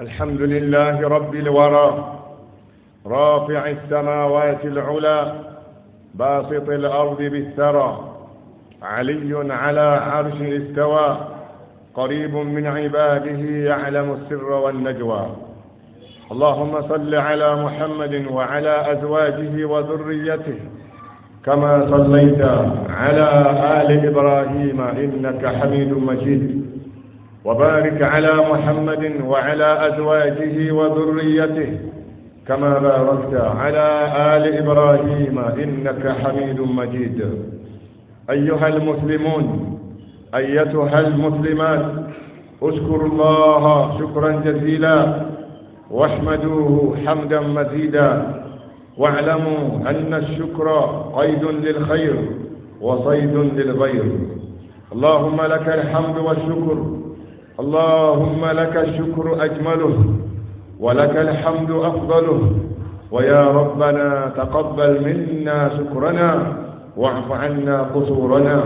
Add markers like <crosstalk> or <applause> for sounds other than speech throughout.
الحمد لله رب الورى رافع السماوات العلى باسط الأرض بالثرى علي على عرش استوى قريب من عباده يعلم السر والنجوى اللهم صل على محمد وعلى أزواجه وذريته كما صليت على آل إبراهيم إنك حميد مجيد وبارك على محمد وعلى أزواجه وذريته كما باركت على آل إبراهيم إنك حميد مجيد أيها المسلمون أيتها المسلمات اشكروا الله شكرا جزيلا واحمدوه حمدا مزيدا واعلموا أن الشكر قيد للخير وصيد للغير اللهم لك الحمد والشكر اللهم لك الشكر أجمله ولك الحمد أفضله ويا ربنا تقبل منا شكرنا واعف عنا قصورنا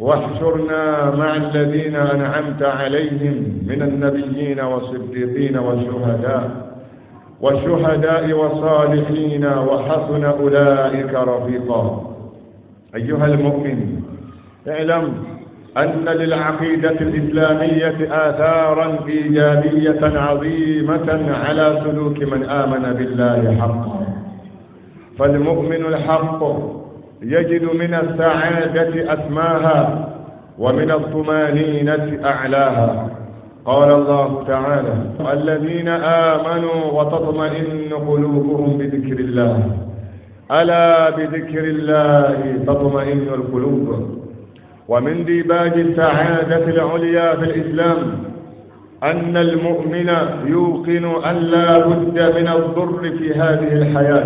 واحشرنا مع الذين أنعمت عليهم من النبيين والصديقين والشهداء والشهداء والصالحين وحسن أولئك رفيقا أيها المؤمن اعلم أن للعقيدة الإسلامية آثارا إيجابية عظيمة على سلوك من آمن بالله حقا فالمؤمن الحق يجد من السعادة أسماها ومن الطمانينة أعلاها قال الله تعالى الذين آمنوا وتطمئن قلوبهم بذكر الله ألا بذكر الله تطمئن القلوب ومن ديباج السعادة العليا في الإسلام أن المؤمن يوقن أن لا بد من الضر في هذه الحياة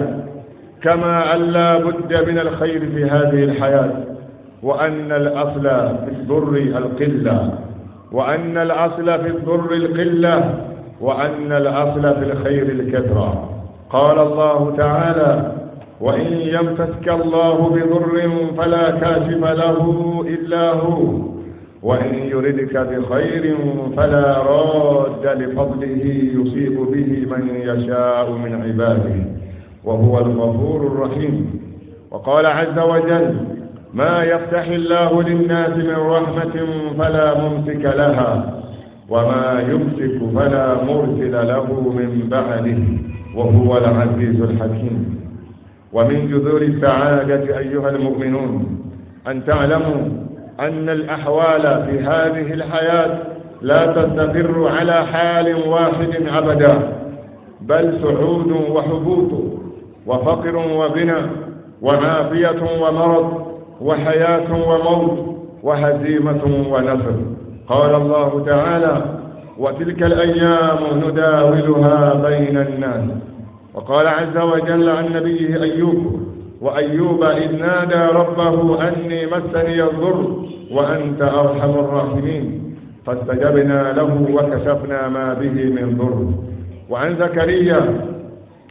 كما أن لا بد من الخير في هذه الحياة وأن الأصل في الضر القلة وأن الأصل في الضر القلة وأن الأصل في الخير الكثرة قال الله تعالى وإن يمسسك الله بضر فلا كاشف له إلا هو وإن يردك بخير فلا راد لفضله يصيب به من يشاء من عباده وهو الغفور الرحيم وقال عز وجل ما يفتح الله للناس من رحمة فلا ممسك لها وما يمسك فلا مرسل له من بعده وهو العزيز الحكيم ومن جذور السعادة أيها المؤمنون أن تعلموا أن الأحوال في هذه الحياة لا تستقر على حال واحد أبدا بل سعود وحبوط وفقر وغنى وعافية ومرض وحياة وموت وهزيمة ونصر قال الله تعالى وتلك الأيام نداولها بين الناس وقال عز وجل عن نبيه أيوب وأيوب إذ نادى ربه أني مسني الضر وأنت أرحم الراحمين فاستجبنا له وكشفنا ما به من ضر وعن زكريا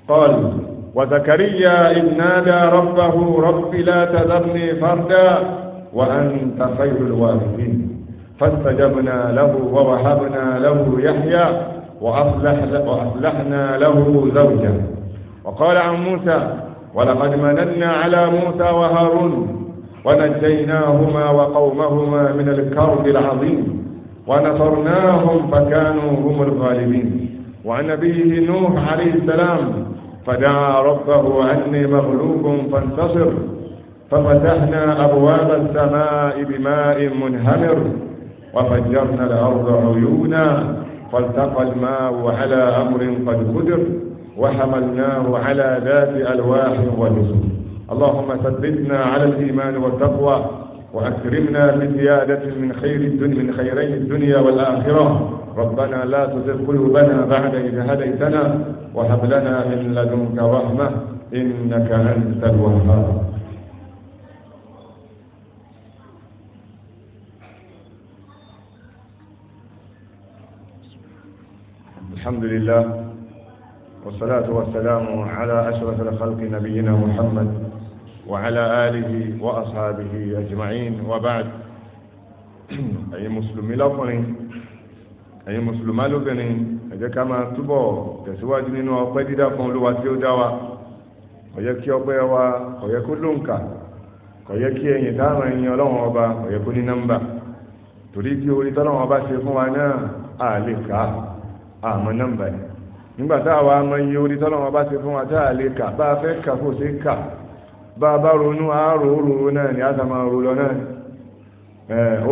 قال وزكريا إذ نادى ربه رب لا تذرني فردا وأنت خير الوارثين فاستجبنا له ووهبنا له يحيى وأصلح وأصلحنا له زوجا وقال عن موسى ولقد مننا على موسى وهارون ونجيناهما وقومهما من الكرب العظيم ونصرناهم فكانوا هم الغالبين وعن نبيه نوح عليه السلام فدعا ربه أني مغلوب فانتصر ففتحنا أبواب السماء بماء منهمر وفجرنا الأرض عيونا فالتقى الماء على أمر قد قدر وحملناه على ذات ألواح ونسر اللهم ثبتنا على الإيمان والتقوى وأكرمنا بزيادة من خير الدنيا من خيري الدنيا والآخرة ربنا لا تزغ قلوبنا بعد إذ هديتنا وهب لنا من لدنك رحمة إنك أنت الوهاب الحمد لله والصلاة والسلام على أشرف الخلق نبينا محمد وعلى آله وأصحابه أجمعين وبعد ẹ̀yin mùsùlùmí lọ́kùnrin ẹ̀yin mùsùlùmá lóbìnrin ẹ jẹ́ ká máa túbọ̀ tẹ̀síwájú nínú ọpẹ́ dídá fún olúwa tí ó dá wa ó yẹ kí ọpẹ́ wa ó yẹ kó lóǹkà ó yẹ kí ẹ̀yìn dáhùn ẹ̀yìn ọlọ́run ọba ó yẹ kó ní nọ́mbà torí tí orí tọ́lọ́run ọba ṣe fún wa náà a lè kà á àmọ́ ah, nọ́mbà nígbà tá àwa mọ iye orí tọ́lọ́wọ́n bá fún wa tá a lè kà bá a fẹ́ kà kó a bá ronú àárò náà ni náà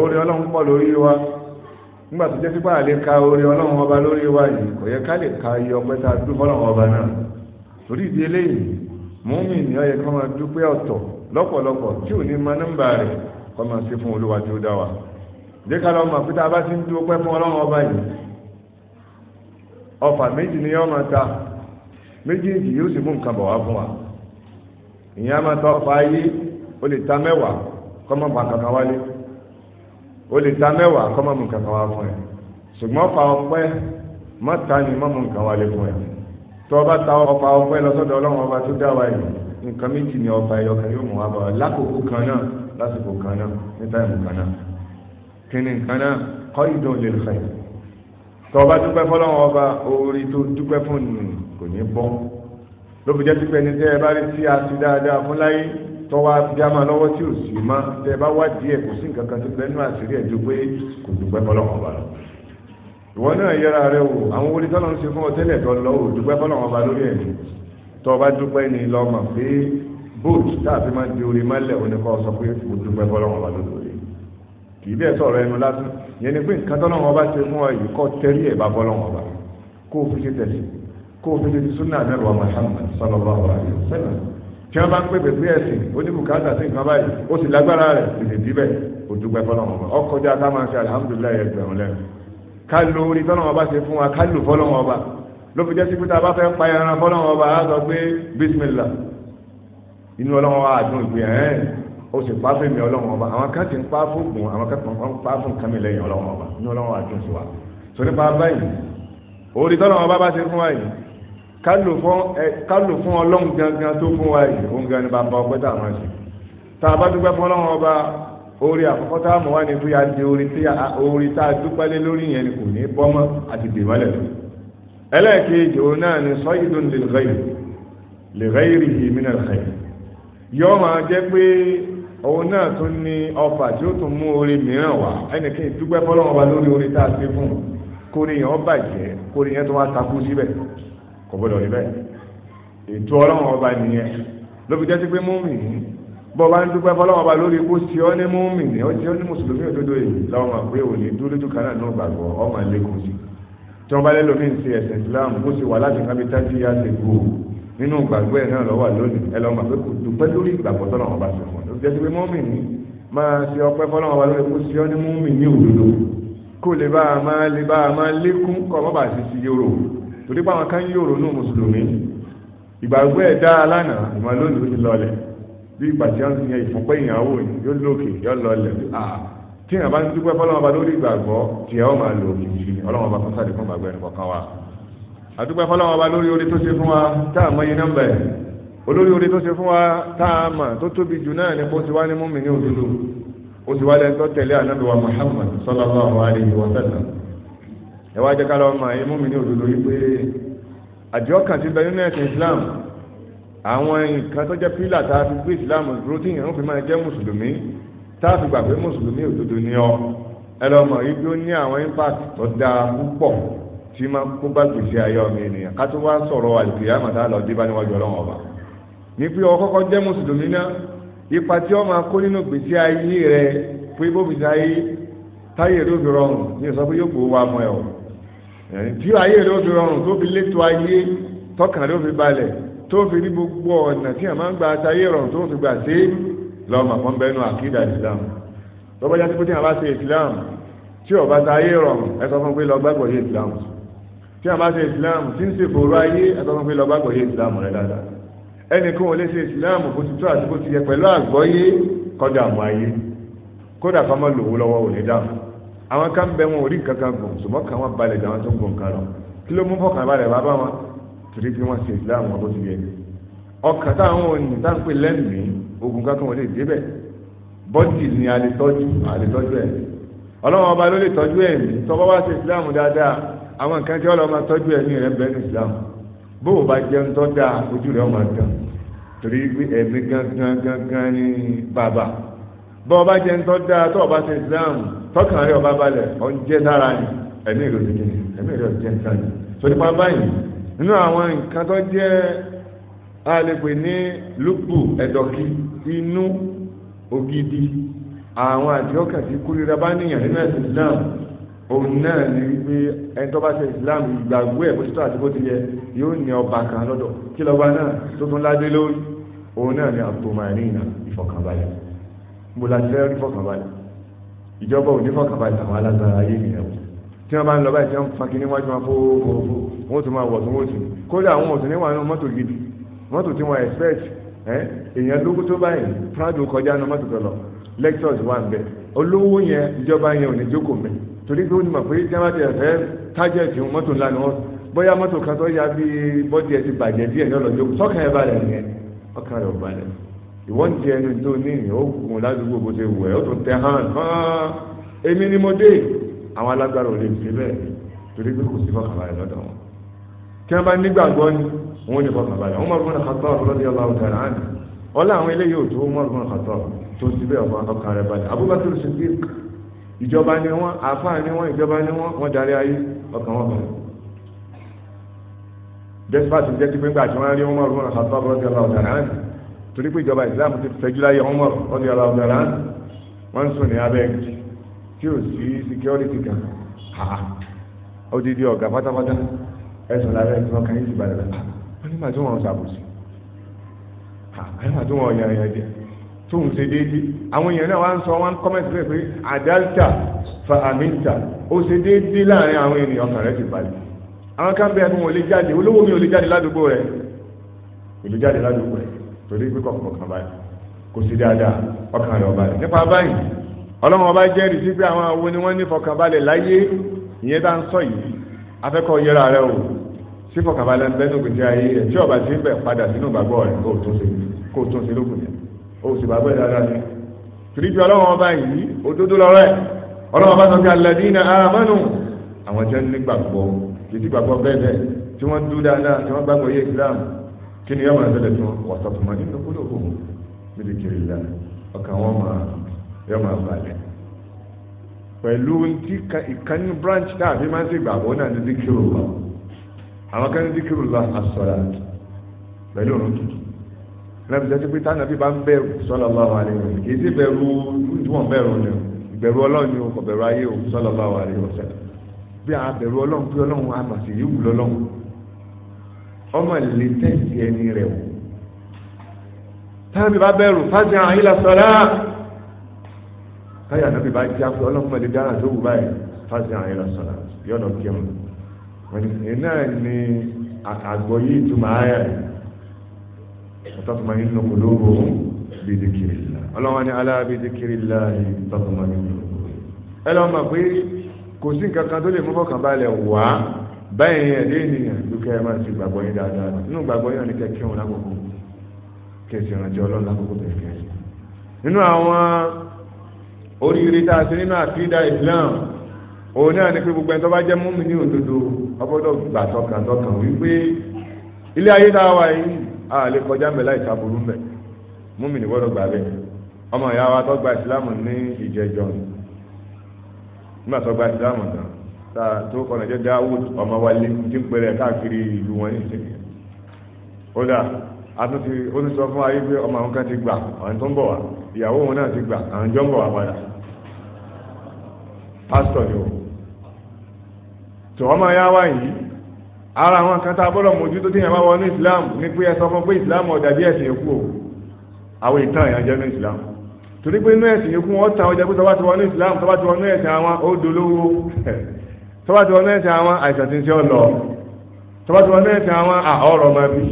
orí ọlọ́run pọ̀ lórí wa nígbà tó jẹ́ ka orí ọlọ́run ọba lórí wa yìí kò yẹ ká lè ka iye ọpẹ́ tá a fọlọ́run ọba ni ó yẹ ká máa dúpẹ́ ọ̀tọ̀ lọ́pọ̀lọpọ̀ tí ò ní ma nọ́mbà rẹ̀ kọ́ máa ṣe fún olúwa tí ó dá wa jẹ́ ká mọ̀ pé tá a bá ọfà méjì ni yọ́ máa ta méjèèjì yóò sì mú nǹkan bọ̀ wá fún wa ìyẹn a máa ta ọfà ayé ó lè ta mẹ́wàá kọ́mọ́ bá kankan wálé ó lè ta mẹ́wàá kọ́mọ́ mú kankan wá fún ẹ ṣùgbọ́n ọfà ọpẹ́ mọ́ta ni mọ́ mú nǹkan wálé fún ẹ tó o bá ta ọfà ọpẹ́ lọ́sọ́dọ̀ ọlọ́run ọba tó dá wa yìí nǹkan méjì ni ọfà ẹyọ kan yóò mú wa bọ̀ lákòókò kan náà lásìkò kan náà ní táìmù kan náà kí nǹkan náà kọ́ ìdán lè fẹ́ tọba dúpẹ́ fọlọ́wọ́n ọba orí tó dúpẹ́ fún nù kò ní bọ́ ló fi jẹ́ sí pé ní tẹ́ ẹ bá rí tí a ti dáadáa fún láyé tọ́wọ́ abiyama lọ́wọ́ tí ò sì má tẹ́ ẹ bá wá díẹ̀ kò sí nǹkan kan tó bẹ́ẹ̀ àṣírí ẹ̀ ju kò dúpẹ́ fọlọ́wọ́n ọba lọ. ìwọ náà yẹra rẹ wò àwọn orí tọ́lọ́ ń ṣe fún ọ tẹ́lẹ̀ lọ ò dúpẹ́ fọlọ́wọ́n ọba lórí ẹ̀ tọ́ba dúpẹ́ ni lọ́mọ pé bóòtù táàfin máa ń di orí mọ́lẹ̀ oníkọ́ sọ pé kò dúpẹ́ fọlọ́wọ́n ọba lórí kì í bẹ́ẹ̀ sọ̀rọ̀ ẹnu lásán yẹn ni pé nǹkan tọ́lọ́wọ́ ọba ṣe fún ọ yìí kọ́ tẹ́rí ẹ̀ bá bọ́lọ́wọ́ ọba kó o fi ṣe tẹ̀sí kó o fi ṣe ti súnà àmẹ́rù wa Muhammad sallallahu alaihi wasallam tí wọ́n bá ń pèpè pé ẹ̀sìn ó ní bùkátà sí nǹkan báyìí ó sì lágbára rẹ̀ tètè díbẹ̀ ó dúpẹ́ fọlọ́wọ́ ọba ọkọjá ká máa ṣe alihamudulilayi ẹgbẹ̀rún lẹ́nu ká lo orí tọ́lọ́wọ́ ọba ṣe fún wa ká jẹ́ a bá fẹ́ pa ó sì pa fún èmi ọlọ́run ọba àwọn kan ti ń pa fún ògùn àwọn kan kan ń pa fún kàmí lẹ́yìn ọlọ́run ọba ní ọlọ́run àtúnṣe wa sọ nípa báyìí orí tọ́lọ́run ọba bá ṣe fún wa yìí kálò fún ọlọ́run gangan tó fún wa yìí òun gan ni bàbá ọpẹ́ tá a máa ṣe tá a bá dúpẹ́ fún ọlọ́run ọba orí àkọ́kọ́ tá a mọ̀ wá ní fúyà di orí tá a dúpẹ́ lé lórí yẹn kò ní bọ́mọ́ àti dèmọ́lẹ̀ tó máa jẹ́ pé òun náà tún ní ọfà tí ó tún mú orí mìíràn wá ẹnìkan ìdúpẹ́ fọlọ́wọ́n wa lórí orí tá a ṣe fún un kórè yẹn ó bàjẹ́ kórè yẹn tó wá takú síbẹ̀ kò gbọdọ̀ rí bẹ́ẹ̀ ètò ọlọ́run ọba nìyẹn ló fi jẹ́sí pé múmìnì bọ́ bá ń dúpẹ́ fọlọ́run ọba lórí ikú tí ó ní múmìnì ó tí ó ní mùsùlùmí òdodo yìí lọ́wọ́ máa pé òní dúró lójú kan náà ọmọ ẹlẹ́kùn sí tí wọ́n bá lẹ́lò mí ṣe ẹ̀sìn Islam ó sì wà láti kábí tájí yá ṣe gbòó nínú gbàgbọ́ ẹ̀ náà lọ́wọ́ lónìí ẹ lọ́wọ́ máa pé kò dúpẹ́ lórí ìgbàgbọ́ tọ́lọ́run ọba ṣe fún jẹ́sí pé mọ́mì ní máa ṣe ọpẹ́ fọ́lọ́wọ́n wa lórí kó sí ọ ní mọ́mì ní òdodo kó lè bá a máa lè bá a máa lékún kọ́ ọ bá sì ti yòrò torí pé àwọn kan yòrò ní mùsùlùmí ìgbàgbọ́ ẹ̀ dá lánàá ìmọ̀ lónìí ó ti lọlẹ̀ bí ìgbà tí wọ́n ti yan ìfúnpẹ́ ìyàwó yóò lókè yóò lọlẹ̀ tí ìyàn bá ń dúpẹ́ fọ́lọ́wọ́n ba lórí ìgbàgbọ́ tí ẹ̀ ọ́ máa lò kìí ọlọ́wọ́n bá fún sáré fún ìgbàgbọ́ ẹnì kọ̀ọ̀kan wa àdúpẹ́ fọ́lọ́wọ́n ba lórí orí tó ṣe fún tá àmọ́ yín nọ́mbà olórí orí tó ṣe fún wa táàmà tó tóbi jù náà ni bó ti wá ní mùmínì òdodo ó ti wá lẹ́ni tó tẹ̀lé ànábì wa Muhammad sallallahu alaihi wa sallam ẹ wá jẹ́ ká lọ́ọ́ máa yé mùmínì òdodo yìí pé àjọ kan ti bẹ nínú ẹ̀sìn Islam àwọn nǹkan tó jẹ́ pílà tá a fi gbé Islam dúró tí ìyẹn ń fi máa jẹ́ mùsùlùmí tá a fi gbà pé mùsùlùmí òdodo ni ọ ẹ lọ́ọ́ mọ̀ yìí pé ó ní àwọn impact tó dáa púpọ̀ tí máa kó bá gbèsè ayé ọmọ ènìyàn ká tó wá sọ̀rọ̀ àlùkìyàmọ̀ tá a lọ dé bá níwájú ọlọ́run ọba ní pé o kọ́kọ́ jẹ́ mùsùlùmí náà ipa tí ó máa kó nínú gbèsè ayé rẹ fún ibòmìnira ayé táyé ló fi rọrùn ní ìsọ pé yóò gbowó wa mọ ẹ o tí ayé ló fi rọrùn tó fi létò ayé tọkàn ló fi balẹ̀ tó fi ní gbogbo ọ̀nà tí a máa ń gba àtayé rọrùn tó fi gbà sí lọ́mọ fún bẹ́ẹ̀ àkídà ìsìlámù lọ́gbọ́n já sí tí a bá ṣe ìsìlámù tí ọba ta ayé rọrùn ẹ sọ fún pé lọ gbàgbọ́ yé ìsìlámù tí a bá ṣe ìsìlámù tí ń ṣe ayé ẹ sọ fún pé lọ gbàgbọ́ yé ìsìlámù rẹ dáadáa ẹnìkan ò lè ṣe ìsìláàmù bó ti tó àti bó ti yẹ pẹ̀lú àgbọ́yé kọ́dà mọ́ ayé kódà kọ́ mọ́ lòwó lọ́wọ́ ò ní dáhùn àwọn kan bẹ wọn ò rí nǹkan kan gùn ṣùgbọ́n kan wọn balẹ̀ gan tó ń gùn kan lọ kí ló mú fọkàn balẹ̀ wá bá wọn torí pé wọ́n ṣe ìsìláàmù bó ti yẹ ọkàn táwọn òní táǹpẹ̀ lẹ́mìí ogun kankan ò lè débẹ̀ bọ́dì ni a lè tọ́jú a tọ́jú ẹ̀ bó o bá jẹun tó dáa ojú rẹ̀ ọmọ gan torí pé ẹ̀mí gangan gangan ní bàbá bó o bá jẹun tó dáa tó o bá ṣe Islam tọkàn rẹ̀ ọba balẹ̀ ọ̀njẹ́ dára ni ẹ̀mí rẹ̀ òṣèlú ni ẹ̀mí rẹ̀ ọ̀jẹ̀ nǹkan ni torí pa báyìí nínú àwọn nǹkan tó jẹ́ alẹ́pẹ̀ ní lúpù ẹ̀dọ̀kí inú ògidì àwọn àti ọkàn tí kúrira bá níyàn nínú ẹ̀sìn Islam òun náà ni wípé ẹni tó bá ṣe islam ìgbàgbé ẹ̀ bóṣítọ́ àti bó ti yẹ yóò ní ọba kan lọ́dọ̀ kí lọ́ba náà tó tún ládé lórí òun náà ni àtòmọ̀ẹ́nìyàn ìfọ̀kànbalẹ̀ mo la fẹ́ rí fọ̀kànbalẹ̀ ìjọba òní fọ̀kànbalẹ̀ àwọn alágbára ayé nìyẹn o tí wọ́n bá ń lọ báyìí tí wọ́n ń fa kíní wájú wọn fófófó wọ́n tún máa wọ̀ tún wọ́n tún kódà àwọn ọ̀tún níwà nù mọ́tò gidi mọ́tò tí wọ́n expect èèyàn lógún tó báyìí prado kọjá nù mọ́tò tó lectures wà ń bẹ olówó yẹn ìjọba yẹn ò ní jókòó mẹ́ẹ̀ torí pé ó ní mọ̀ pé jẹ́mátì ẹ̀fẹ́ tájẹ̀tì mọ́tò ńlá ni wọ́n bóyá mọ́tò kan tó ya bí bọ́dì ẹ̀ ti bàjẹ́ díẹ̀ ní ọlọ́jọ́ sọ́kàn ẹ̀ balẹ̀ nìyẹn ọkàn rẹ̀ ò balẹ̀ ìwọ́n ń jẹ ẹnu tó ní ìyẹn ó gùn ládùúgbò bó ṣe wù ẹ́ ó tún tẹ hàn hàn èmi ni mo dé àwọn alágbára ò lè fi bẹ́ẹ̀ torí pé kò sí fọkànbalẹ̀ lọ́dọ̀ wọn tí wọ́n bá nígbàgbọ́ ni ìjọba ni wọ́n àfáà ni wọ́n ìjọba ni wọ́n wọ́n darí ayé ọkàn wọn bẹ̀rẹ̀ despite jẹ́ pípé ńgbà tí wọ́n rí ọmọ ọ̀rùn àtọ́ ọ̀rọ̀dì ọlọ́ọ̀dà rán torí pé ìjọba ìsìlámù ti fẹ́jú láyé ọmọ ọ̀rọ̀dì ọlọ́ọ̀dà rán wọ́n ń sùn ní abẹ́ ẹ̀jì tí ò sí security kan odidi ọ̀gá pátápátá ẹ̀sùn lábẹ́ ẹ̀jì wọn kàn yín sì balẹ̀ bẹ́ẹ̀ wọ́n ní màá tún wọn ṣàbòsí wọ́n ní màá tún wọn ọ̀yàn ẹ̀yàn jẹ́ tó ń ṣe déédé àwọn èèyàn náà wá ń sọ wọn kọ́mẹ́ntì pé àdáńtà fa àmìntà ó ṣe déédé láàrin àwọn ènìyàn ọkàn rẹ̀ ti balẹ̀ àwọn kan bẹ́ẹ̀ fún wọn lè jáde olówó mi ò lè jáde ládùúgbò rẹ̀ ìlú jáde ládùúgbò rẹ̀ torí pé kọ̀ọ̀kan kan báyìí kò sí dáadáa ọkàn rẹ̀ ọba rẹ̀ nípa báyìí ọlọ́run ọba jẹ́rìí sí pé àwọn awo ni wọ́n ní fọkànbalẹ̀ láyé ìyẹn bá ń sọ yìí afẹ́kọ̀ọ́ yẹra rẹ o sí fọkànbalẹ̀ ń bẹ́nu gbèsè ayé rẹ̀ tí ọba ti ń bẹ̀ padà sínú ìgbàgbọ́ rẹ̀ kó o tún ṣe lókun yẹn oṣù bàbá ẹ̀ dáadáa ni tìrìbí ọlọ́wọ́n ọba yìí òdodo lọ́rọ̀ ẹ̀ ọlọ́wọ́n bá sọ pé alladina amanu àwọn jẹ́ nígbàgbọ́ kìtì gbàgbọ́ bẹ́ẹ̀ bẹ́ẹ̀ tí wọ́n dú dáadáa tí wọ́n gbàgbọ́ yé Islam kí ni yọmọ ẹ̀sẹ̀lẹ̀ tí wọ́n wà sọ́tùmọ́ nínú kúlò fún un níbi kiri ìlà ọkàn wọn máa yọmọ àbálẹ̀ pẹ̀lú ti ìkànnì branch tá máa ń ṣe gbàgbọ́ náà ní dìkìrù àwọn kan ní dìkìrù lọ àsọ̀rọ̀ pẹ̀lú òun tuntun lẹ́bi jẹ́ pé táwọn àbí bá ń bẹ̀rù sallallahu alaihi wasallam kì í sì bẹ̀rù tí wọ́n bẹ̀rù ni ìbẹ̀rù ọlọ́run ni kò bẹ̀rù ayé o sallallahu alaihi wasallam bí a bẹ̀rù ọlọ́run pé ọlọ́run a mà sì yíwù lọ́lọ́run ọmọ ìlẹ̀ tẹ̀sí ẹni rẹ̀ o táwọn àbí bá bẹ̀rù fásitì àwọn ilà sọ̀rọ̀ táyà náà bí bá já pé ọlọ́run lè dára tó wù báyìí fásitì àwọn ilà sọ̀rọ̀ yọ̀nà kí tọ́tùmọ̀ nínú kòlóòrò bí zikirila ọlọ́wọ́n ni alá bí zikirila tọ́tùmọ̀ nínú ẹlọ́mà pé kò sí nǹkan kan tó lè mú fọkàn balẹ̀ wá báyìí ẹ̀dẹ́ ènìyàn dúkẹ́ ẹ máa ti gbàgbọ́ yín dáadáa nínú gbàgbọ́ yín ni kẹ́kẹ́ wọn lákòókò kẹsì ìrántí ọlọ́run lákòókò tó fi ẹ̀sìn nínú àwọn oríire tá a ṣe nínú àfídà Islam òun náà ni pé gbogbo ẹni tó bá jẹ́ múmi ní òdodo ọgbọ́dọ̀ gbà tọkàntọkàn wípé ilé ayé tá a wà yìí a lè kọjá ń bẹ̀ láì sàbùrù ń bẹ̀ múmìnì gbà bẹ́ẹ̀ ọmọ ìyá wa tó gba ìsìlámù ní ìjẹjọ nígbà tó gba ìsìlámù tá a tó ọmọ wa lé ní pẹ̀lẹ́ káàkiri ìlú wọn ní ìsìnkú a tún ti ó ti sọ fún ayé pé ọmọ àwọn kan wọn náà ti gbà àwọn jọ ń ni o ọmọ ìyá wa ara àwọn kan tá a bọ́lọ̀ mójú tó téèyàn bá islam ní pé ẹ sọ fún pé islam ọ̀dà bí ẹ̀sìn o àwọn ìtàn jẹ́ ní islam torí pé inú ẹ̀sìn yòókù wọn tàn ọjà pé islam ti ní ẹ̀sìn àwọn ó <laughs> ti àwọn àìsàn ń ṣe ọ̀lọ́ àwọn máa bí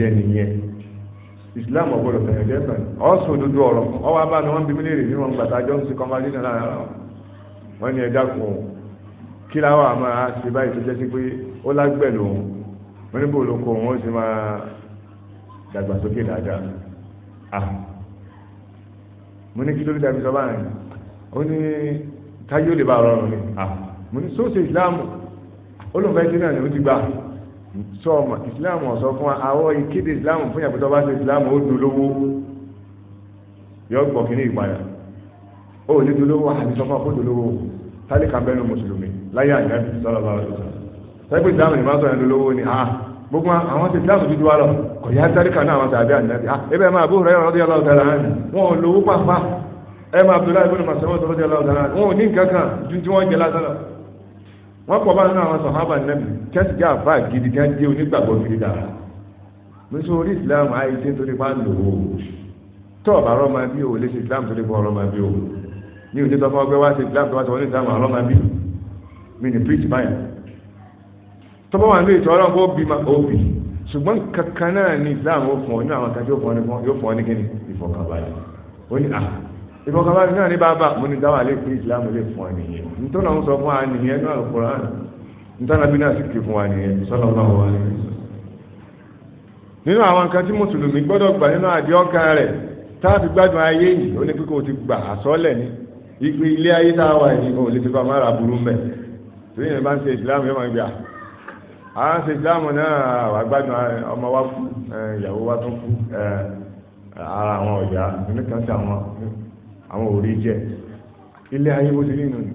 nìyẹn islam kí láwọn àmọ́ ṣe báyìí tó jẹ́ sí pé ó lágbẹ̀ lòun wọ́n ní bò ló kọ òun ó sì máa dàgbàsókè dáadáa ah mo ní kí ló dé dàbí sọ báyìí ó ní táyé lè bá rọrùn ni ah mo ní sóòsì ìsìláàmù olùfẹ́ sí náà ni ó ti gbà sọ ọmọ ìsìláàmù ọ̀sọ́ fún wa àwọ̀ ìkéde ìsìláàmù fún yàtọ̀ tó bá ṣe ìsìláàmù ó dùn lówó yọ gbọ̀ kí ní ìpayà ó ní dùn lówó àti fún wa kó dùn lówó tálíkà bẹ́ẹ̀ ní mùsùlùmí láyé àjẹ́bí sọ́lọ́ bá ọ̀rọ̀ sọ́lọ́ sẹ́gbẹ̀ ìsìlámù ní báṣọ ẹ̀lú lówó ni ah gbogbo àwọn ti ìsìlámù ti wá lọ kò yá sáríkà náà àwọn tàbí àjẹ́bí ah ebe máa bó rẹ̀ ọ̀rọ̀ díẹ̀ lọ́wọ́ tẹ̀lé àná wọn ò lówó pàpà ẹ máa bẹ̀rẹ̀ ìbùnú màsánwó tọ́lọ́ díẹ̀ lọ́wọ́ tẹ̀lé àná wọn ò ní nǹkan kan ju tí wọ́n jẹ lásán lọ. wọ́n pọ̀ bá nínú àwọn sọ̀hábà nẹ́bì kẹ́sì jẹ́ àfà gidi kan jẹ́ onígbàgbọ́ gidi dára nítorí orí ìsìlámù ayé tí nítorí pa ń lò ó tọ́ ọ̀bà rọ́ọ̀mà bí o lè ṣe ìsìlámù torí pa ọ̀rọ̀ mà bí o ní òjò tó fọ́ ọgbẹ́ wá ṣe ìsìlámù tó wá ṣe wọ́n ní ìsìlámù àrọ́ọ̀mà bí o mi ní preach báyà tọ́pọ̀ wà ní ìtọ́ ọlọ́run kó bí ma ó bì ṣùgbọ́n kankan náà ní Islam ó fún ọ ní àwọn kan tí ó fún ọ ní fún yóò fún ọ ní kíni ìfọkànbalẹ̀ ó ní à ah, ìfọkànbalẹ̀ náà ní bàbá mo ní dáwà lè pé Islam lè fún ọ nìyẹn nítorí àwọn sọ fún wa nìyẹn ní Al-Qur'an nítorí àbí náà sì ké fún wa nìyẹn sọlọ bá wà nínú àwọn kan tí mùsùlùmí gbọ́dọ̀ gbà nínú àdìọ́kàn rẹ̀ táàfi gbádùn ayé yìí ó ní kíkó ti gbà àsọ́lẹ̀ ní ilé ayé tá yìí ó lè fi kọ́ mára burú mẹ́ẹ̀ torí yẹn bá ń ṣe ìsìláàmù yóò máa gbé à ah, á ń ṣe ìsìláàmù náà wà gbádùn ah, ọmọ wa kú eh, ìyàwó wa tún kú eh, ara àwọn ọ̀yà nìkan sí àwọn àwọn òrí jẹ ilé ayé bó ti rí nù ní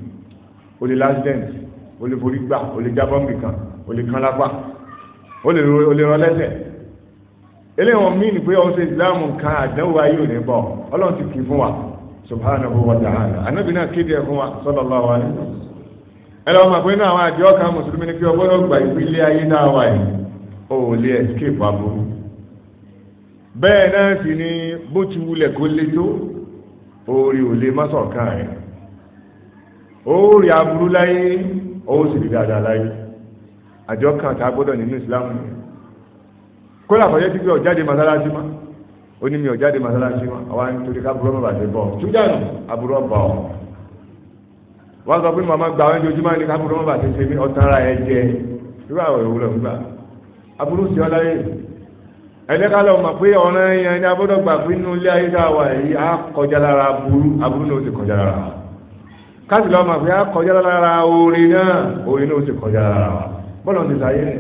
o lè lásìdẹ̀ǹtì o lè forí gbà o lè jábọ́ nìkan o lè kán lápá o lè rán lẹ́sẹ̀ eléyìí wọn mí ni pé ọ̀hún ṣe ìsìláàmù kan àdánwò ayé ò ní bọ̀ ọlọ́run ti kì í fún wa subhanahu wa ta'ala anabi náà kéde ẹ̀ fún wa sallallahu alaihi wasallam ẹlọ́wọ́ máa pé inú àwọn àjọ kan mùsùlùmí ni kí ọgbọ́dọ̀ gbà ìpínlẹ̀ ayé náà wà yìí ó lè escape aburú bẹ́ẹ̀ náà sì ni bó ti wulẹ̀ kó lé tó orí ò lè má sọ̀kan rẹ̀ orí aburú láyé ó sì di dáadáa láyé àjọ kan tá a gbọ́dọ̀ nínú ìsìlámù kó làkọ̀jẹ́ ti gbé ọ̀jáde mọ́sálásí mọ́ ó ọ̀jáde mọ́sálásí mọ́ àwa nítorí ká burú ọmọ bàtẹ́ bọ̀ túdànù aburú ọ̀bà ọ̀ wọ́n sọ pé màmá gba oúnjẹ ojúmọ́ ní kábùrú wọn bá ti ṣe mí ọ̀tán ara ẹ jẹ irú àwọn ìwúlò ń gbà aburú sí ọ láyé ẹ̀ẹ́dẹ́ká lọ mọ̀ pé ọ̀nà yẹn ni abọ́dọ̀ gbà pé inú ilé ayé dáwà yìí á kọjá lára aburú aburú náà ó sì kọjá lára wa káàsì lọ mọ̀ pé á kọjá lára oore náà oore náà ó sì kọjá lára wa bọ́lá ti sáyé rẹ̀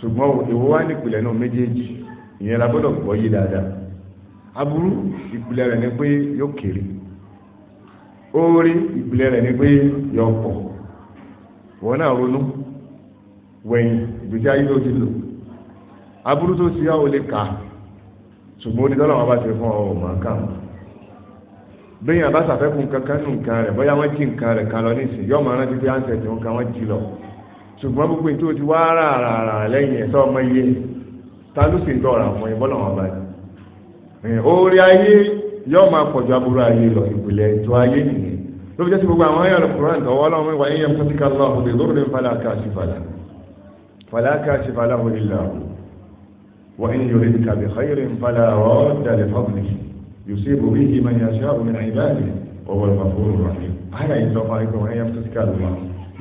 ṣùgbọ́n ìwọ wá nípìnlẹ̀ náà méjèèjì ìyẹn labọ́dọ̀ gbọ́ yé dáadáa aburú ìpìlẹ̀ rẹ̀ ni pé yóò kéré orí ìpìlẹ̀ rẹ̀ ni pé yọ wọn náà ronú wẹ̀yìn ìgbésí ayé ló ti lò aburú tó kà ṣùgbọ́n bá ṣe fún ọ bẹ́ẹ̀ kankan nù nǹkan rẹ̀ bóyá wọ́n jí nǹkan rẹ̀ kan lọ nísìn yọ ọmọ tí wọ́n kan wọ́n jí lọ ṣùgbọ́n gbogbo ètò ti wá rà lẹ́yìn ẹ̀sọ́ ọmọ iye ta ló sì dọ̀rọ̀ àwọn ìbọn bá orí ayé yọ aburú ló fi jẹ́ sí gbogbo àwọn ayé alukuran tọwọ́ ọlọ́run wà ẹ̀yẹ fúnṣíkà lọ́hùn bí lórí falaka ṣìfàlà falaka ṣìfàlà hù ilà wà ẹ̀yẹ yorí ti kàbí xayiri nfàlà rọ́ọ̀dà lè fọ́bùnì yusuf bobi yìí ma yàtọ̀ àbùmí náà ìbáàdì ọwọ́ ìgbàfóró rọ̀ ní. ayé ìtọ́fà ikọ̀ wọ́n ẹ̀yẹ fúnṣíkà lọ́wọ́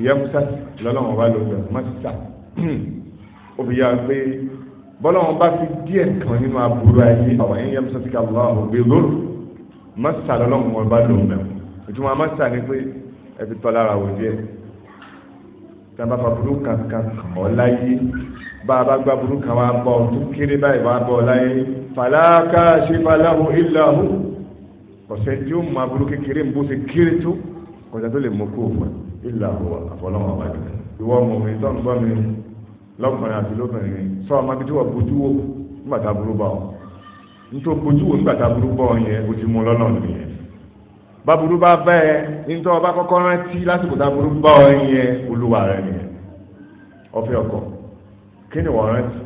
ìyẹ́ fúnṣà lọ́lọ́run wà lọ́dọ̀ mọ́ṣíṣà obìyà pé bọ́lọ́wọ́n bá fi díẹ̀ kan nínú aburú ayé àwọn ẹ̀yẹ fúnṣíkà lọ́wọ́ bí lórí mọ́ṣíṣà lọ́lọ́run wọ́n bá lọ́wọ́ mẹ́wọ́ ìtumọ̀ amásà ni pé ẹ fi tọ́ lára wò díẹ̀ tí a bá fa burú kankan ọ̀ láyé bá a bá gba burú kan wá bọ̀ tó kéré báyìí wá bọ̀ láyé fàlàkà ṣèfàlàhù ìlàhù kọ̀sẹ̀ tí ó mọ aburú kékeré ń bó ṣe kéré tó kọ̀sẹ̀ tó lè mọ kó fún ìlàhù àfọlọ́wọ́ àbájọ ìwọ ọmọ mi tó ń gbọ́ mi lọ́kùnrin àti lóbìnrin sọ ọmọ bí tí wọ́n bójú wò nígbà tá a burú bọ̀ ọ́ nítorí bójú wò nígbà tá a burú bọ̀ ọ́ yẹn o ti mú lọ́nà nìyẹn baburu bá bá ẹ nítorí ọba kọ́kọ́ rántí lásìkò táburú bá ọ yẹn olúwa rẹ nìyẹn ọfẹ ọkọ kí ni wọ́n rántí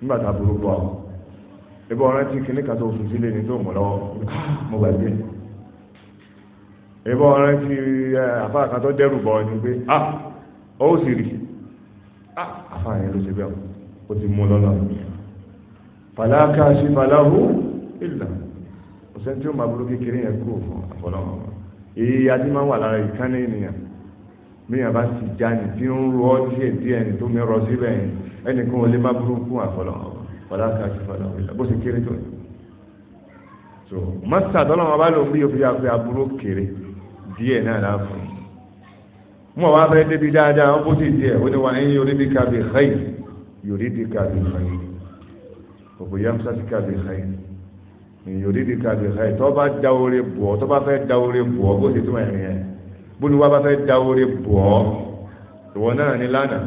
nígbà táburú bá ọ ebi wọ́n rántí kí ni kàtó òfin sílẹ̀ ní tó mọ̀ lọ́wọ́ ah, mo gbàgbé ebi wọ́n rántí àfáà kan tó dẹ́rù bọ̀ ọ ni pé ah ó sì rí ah àfáà yẹn ló ṣe bẹ́ẹ̀ o ti mú lọ́lọ́ fàlákà sí fàláhù ìlànà òsèǹ tí ó máa burú kékeré yẹn kú fún àfọlọ́mọ èyí adé máa wà lára ìkànnì ènìyàn míyàn bá ti já ní tí ń rọ díẹ̀ díẹ̀ ní tó mi rọ síbẹ̀ yẹn ẹnìkan ò lè má burú kú àfọlọ́mọ ọ̀dà kan ti fọlọ́ bó ṣe kéré tó yẹ so mọ́tà tọ́lọ́mọ bá lòun bí yóò fi yà pé aburú kéré díẹ̀ náà láàfin mọ̀ wá fẹ́ débi dáadáa ó bó ti díẹ̀ ó ní wa ẹ̀yìn oríbi kàbí xẹ́yìn yorùbá kàbí xẹ́yìn òbòyá mùsàtì kàbí xẹ́yìn èyàn dídì ká lè ṣe tó bá da oore bọ̀ tó bá fẹ́ da oore bọ̀ bó ṣe túmọ̀ ẹ̀rìn yẹn bóluwá bá fẹ́ da oore bọ̀ ìwọ náà ní lánàá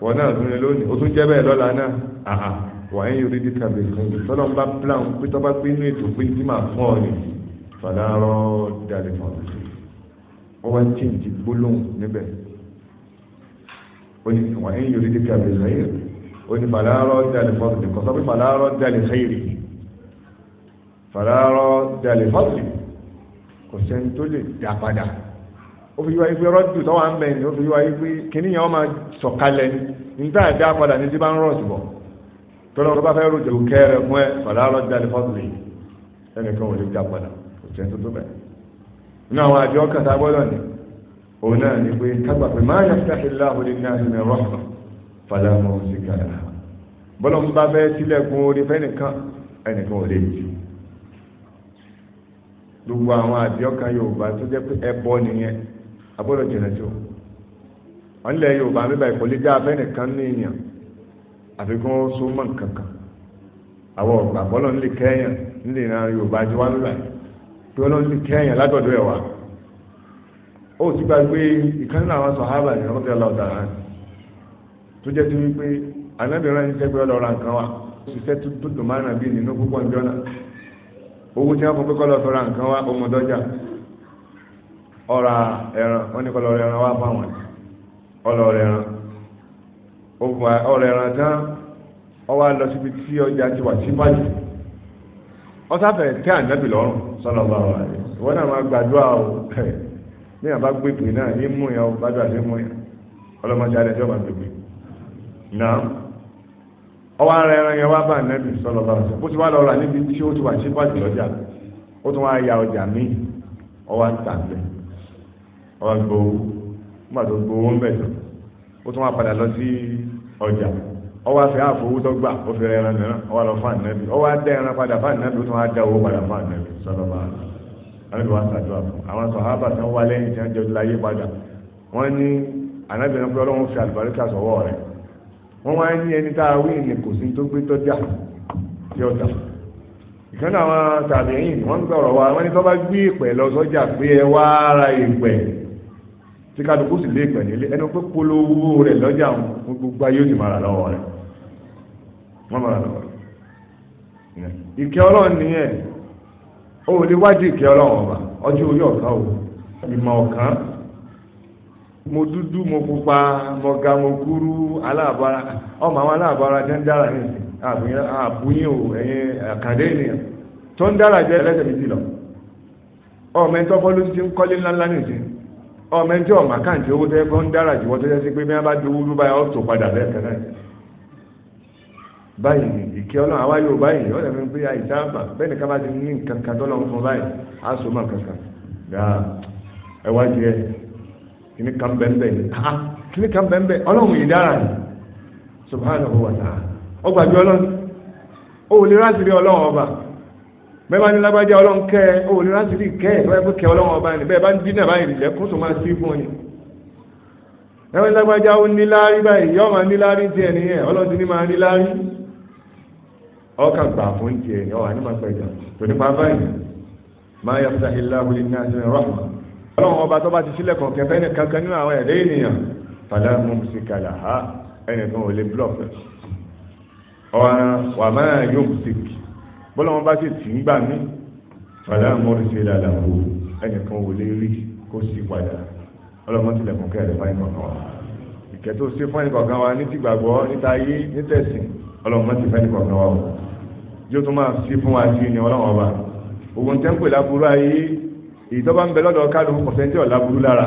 ìwọ náà tún ní lónìí ó tún jẹ́ bẹ́ẹ̀ lọ́la náà àhà wà ń yọ dídì ká lè ṣe tọ́lọ́ ń bá plan pé tó bá pé inú ètò pé tí màá fún ọ ni fàdárọ́ dalẹ̀ fún ọ wọ́n wá tí ń di gbólóhùn níbẹ̀ ó ní wà ń yọ dídì ká lè ṣe ó ní fàdárọ́ dalẹ̀ fún ọ fàlàrọ̀ dalẹ̀ fọ́ọ̀tì kò sẹ́ni tó lè dá padà ó fi wáyé pé rọ́dù tó wà ń bẹ̀ ni ó fi wáyé pé kíní yẹn wọ́n máa sọ̀kalẹ̀ ní níta ìdá padà ní tí bá ń rọ̀ síbọ̀ tọ́lá ọ̀rọ̀ bá fẹ́ rojọ́ kẹrẹ fún ẹ fàlàrọ̀ dalẹ̀ fọ́ọ̀tì ẹnìkan ò lè dá padà kò sẹ́ni tó tó bẹ̀ nínú àwọn àjọ kàtà gbọ́dọ̀ ni òun náà ni pé kágbà pé máa yàtàkì láhùn ní àìsàn rọ́ọ̀mà fàlàmù sí kàlà bọ́lọ́mù bá fẹ́ sílẹ̀kùn orí fẹ́nìkan ẹnìkan ò lè jù gbogbo àwọn àbíọ́kan yorùbá tó jẹ́ pé ẹbọ nìyẹn abọ́dọ̀ jìnà tó wọ́n nílẹ̀ yorùbá bíbá ìkọ́lé dá abẹ́nìkan ní àfikún so kan àwọn ọ̀gbà bọ́lọ̀ ń lè kẹ́yàn nílẹ̀ ìran yorùbá ju wá lọ́la pé wọ́n lè kẹ́yàn látọ̀dọ̀ ẹ̀ wá ó ti gba pé ìkan ní rán tó jẹ́ wípé anábìrin ránṣẹ́ pé nǹkan wa ṣiṣẹ́ tó owó tí wọ́n fún pẹ́kọ́ lọ fẹ́ra nǹkan wá ohun dọ́jà ọ̀rà ẹran wọ́n ní kọlọ̀ ẹran wá fáwọn ọlọ̀ ẹran ọ̀rọ̀ ẹran tán ọwá lọ síbi tí ọjà ti wà sí báyìí tẹ́ ànábì lọ́rùn bá wà rẹ̀ náà máa gbàdúrà o ní <coughs> àbá náà mú yẹn o gbàdúrà sí mú ọwọ́ ara ẹran yẹn wá bá nẹ́bí sọ̀rọ̀ bá sọ bó ti wá lọ́ra níbi tí ó ti wà sí pàdé lọ́jà ó tún wá ya ọjà míì ọwọ́ àtàgbẹ́ ọwọ́ gbowó nígbà tó gbowó ń bẹ̀ tán ó tún wá padà lọ sí ọjà ọwọ́ afẹ́ àfọwọ́ tó gbà ó fi rẹ ẹran mìíràn ọwọ́ lọ fún ànẹ́bí ọwọ́ adá ẹran padà fún ànẹ́bí ó tún wá dá owó padà fún ànẹ́bí sọ̀rọ̀ bá ànẹ́bí wá sàdúrà fún àwọn sọ̀hábà wọ́n wá ní ẹni tá a wí ní kò sí tó gbé tọ́jà tí ó dà wọn tàbí ẹ̀yìn wọ́n ń gbọ̀rọ̀ wa ní gbé lọ sọ́jà pé ẹ wá ara tí kálukú sì lé ìpẹ nílé ẹni pé polówó lọ́jà gbogbo ayé máa rà lọ́wọ́ máa rà lọ́wọ́ ìkẹ́ ọlọ́run nìyẹn o o ìmọ̀ ọ̀kan mo dúdú mo pupa mo ga mo kúrú aláàbára ọmọ àwọn aláàbára jẹ́ ń dára ní àbúyín o ẹ̀yin àkàndé ènìyàn tó ń dára jẹ́ ẹlẹ́sẹ̀ méjì lọ ọmọ ẹni tó fọ́lú ti ń kọ́lé ńláńlá nìyí ọmọ ẹni tí ọmọ àkáǹtì owó tẹ́ fọ́n dára jù wọ́n tó jẹ́ sí pé bí wọ́n bá dúró ló báyìí ọ̀tọ̀ padà bẹ́ẹ̀ kan náà báyìí ni ìkẹ́ ọlọ́run àwa yóò báyìí ọ̀dẹ̀ mi pé àìsáàbà bẹ́ẹ̀ ni ká ní nǹkan kan tó lọ́n fún báyìí á so mọ́ nǹkan kan dáa ẹ wá jẹ kìnnì kan bẹ́ẹ̀ kìnnì kan bẹ́ẹ̀ ọlọ́run yìí dára ni subhanahu wa ta'ala ọgbàgbé ọlọ́run ó lè rásìrí ọlọ́run ọba mẹ́bàá ní lágbájá ọlọ́run kẹ́ ẹ ó lè rásìrí kẹ́ ẹ bẹ́ẹ̀ kẹ́ ọlọ́run ọba ni bẹ́ẹ̀ bá ń dínà báyìí lẹ́kùn tó máa sí fún ọ ni mẹ́bàá ní lágbájá ó ní láárí báyìí yọ́ máa ní láárí tiẹ̀ nìyẹn ọlọ́run ti ní máa ní láárí ọkà gbà fún tiẹ̀ ni ọ̀ ànímọ̀ pẹ̀lú tó nípa báyìí máa yàtọ̀ ìlà ọlọ́run ọba tó bá ti sílẹ̀kùn kẹfẹ́ ní kankan nínú àwọn ẹ̀dẹ́ ènìyàn fàlà mumsika laha ẹnìkan ò lè blọọkì ọ̀ràn wà máa yumsik bọ́lọ́run bá sì tì ń gbà mí fàlà mursila lahu ẹnìkan ò lè rí kó sì padà ọlọ́run tilẹ̀kùn kẹrẹ̀ fáyín kọ̀ọ̀kan wa ìkẹ́ tó ṣe fáyín kọ̀ọ̀kan wa ní ti gbàgbọ́ níta yé nítẹ̀sìn ọlọ́run ti fáyín kọ̀ọ̀kan wa o yóò tún máa ṣe fún wa sí ni ìtọ́ba ń bẹ lọ́dọ̀ kálù kọ̀sẹ́ntì ọ̀la burú lára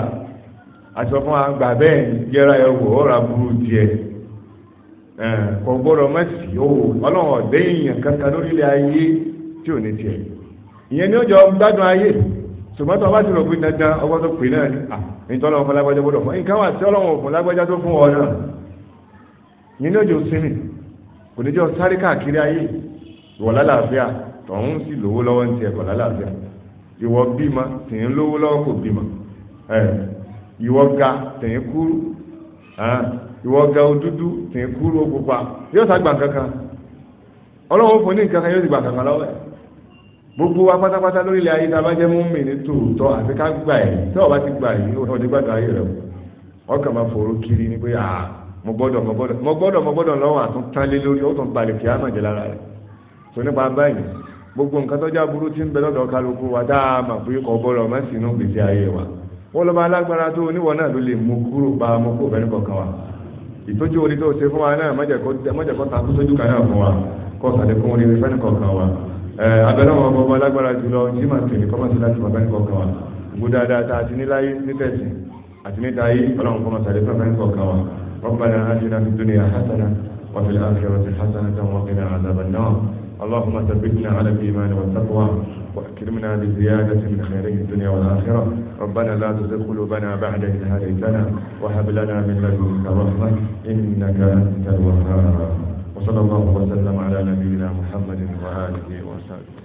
àti ọ̀fun àgbà bẹ́ẹ̀ yẹra ẹ wò ọ̀ra burú díẹ̀ kò gbọ́dọ̀ má sí o ọlọ́run ọ̀dẹ́ èèyàn kankan lórílẹ̀ ayé tí ò ní tiẹ̀ ìyẹn ní ọjọ́ gbádùn ayé ṣùgbọ́n tó o bá ti rò pé dandan ọgbọ́n tó pè náà ni à nítorí ọlọ́run fún lágbájá gbọ́dọ̀ fún nǹkan wà sí ọlọ́run òfin lágbájá tó fún ọ náà ìyẹn ní ọjọ́ sinmi kò ní jọ sáré káàkiri ayé ìwọ̀lá làáfíà tọ̀hún sì lówó lọ́wọ́ ń tiẹ̀ kọ̀ lálàáfíà ìwọ bímọ tìyín lówó lọ́wọ́ kò bímọ ìwọ ga tìyín kúrú ìwọ ga odúdú tìyín kúrú òpupa yóò sá gbà kankan ọlọ́wọ́ fún ní kankan yóò sì gbà kankan lọ́wọ́ ẹ̀ gbogbo wa pátápátá lórílẹ̀ ayé tá a bá jẹ́ múmi ní tòótọ́ àti ká gbà ẹ̀ tí ọba ti gbà yìí ó ti gbàdọ̀ ayé rẹ̀ ọkàn máa fòrò kiri ni pé àà mo gbọ́dọ̀ mo gbọ́dọ̀ mo gbọ́dọ̀ lọ́wọ́ àtúntánlé lórí ó tún balẹ̀ kí á mọ̀ jẹ́ lára rẹ̀ tó nípa báyìí gbogbo nǹkan tọ́jà burú ti ń bẹ lọ́dọ̀ kálukú wa tá a mà pé kọ́ bọ́lọ̀ má sì inú gbèsè ayé wa wọ́n lọ́ba alágbára tó oníwọ̀n náà ló lè mú kúrò bá mú kúrò bẹ́ẹ̀ kọ̀ọ̀kan wa ìtọ́jú orí tó ṣe fún wa náà mọ́jẹ̀kọ́ ta kó sójú kan náà fún wa kọ́ sàlékún orí fẹ́ẹ́ kọ̀ọ̀kan wa abẹ́rẹ́ wọn bọ́ alágbára jùlọ jí màá tèmi kọ́ máa ṣe láti bàbá nìkan kan wa gbogbo ربنا آتنا في الدنيا حسنة وفي الآخرة حسنة وقنا عذاب النار اللهم ثبتنا على الإيمان والتقوى وأكرمنا بزيادة من خيره الدنيا والآخرة ربنا لا تزغ قلوبنا بعد إذ هديتنا وهب لنا من لدنك رحمة إنك أنت الوهاب وصلى الله وسلم على نبينا محمد وآله وصحبه